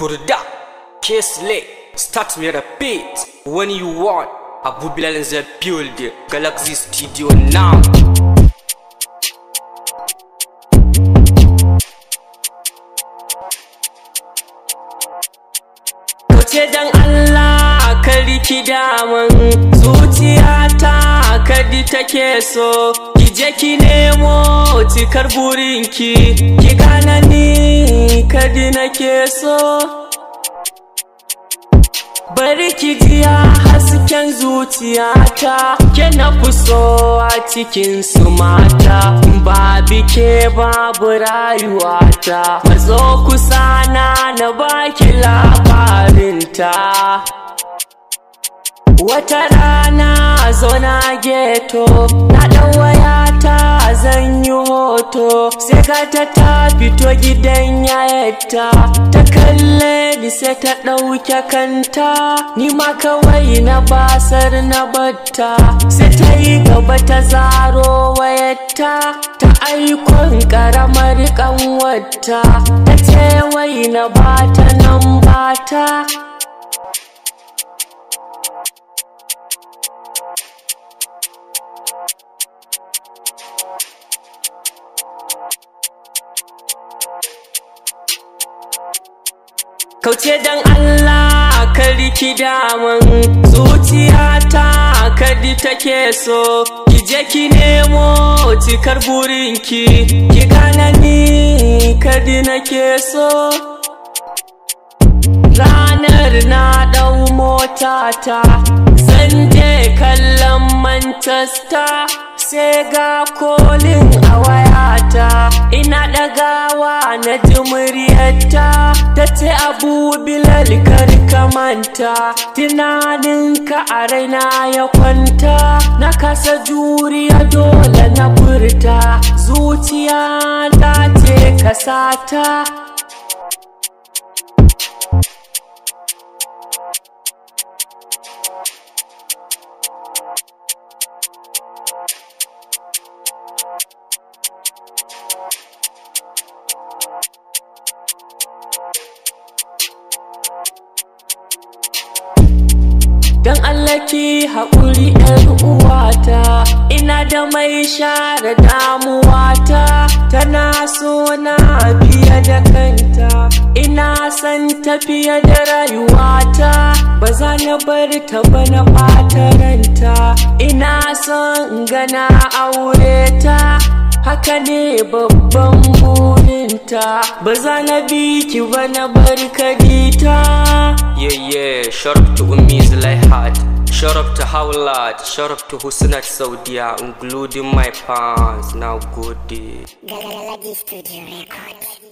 Burda, kesley start me a beat when you want. Abu Bilal in build, Galaxy Studio now. Kace dan Allah ka riki daman zuciyata ka kadi take so ki je ki nemo cikar burinki ki gana ni kadi nake so bari ki jiya hasken zuciyata ke na fi so a cikin su mata ba bike babu rayuwata mazo kusa na na baki labarinta wata rana zo na geto na ɗan wayata zan yi hoto sai ta ta fito gidan yayata ta kalle ni sai ta ɗauke kanta ni ma kawai na basar na batta sai ta yi gaba ta zaro wayata ta aikon ƙaramar ƙanwata ta ce wai na bata nan bata kauce dan Allah ka riki daman zuciyata kadi take so kije ki nemo cikar burinki ki gane ni kadi nake so ranar na dau motata zan je kallon Manchester sai ga kolin a wayata ina dagawa na ji muryarta ta ce abu bilal kar ka manta tunaninka a raina ya kwanta na kasa juriya dole na furta zuciya ta ce kasata don Allah ki haƙuri ‘yan uwata ina da mai share damuwata tana so na fiye da kanta ina san tafiye da rayuwata ba za na bar ta ba na ɓata ranta ina son gana aure ta haka ne babban buru ta ba za na bi ki ba na bar ka ta yeah yeah sharp to ummi zulaihat sharp to haulat sharp to husnat saudiya including my fans now gode lagi Studio Record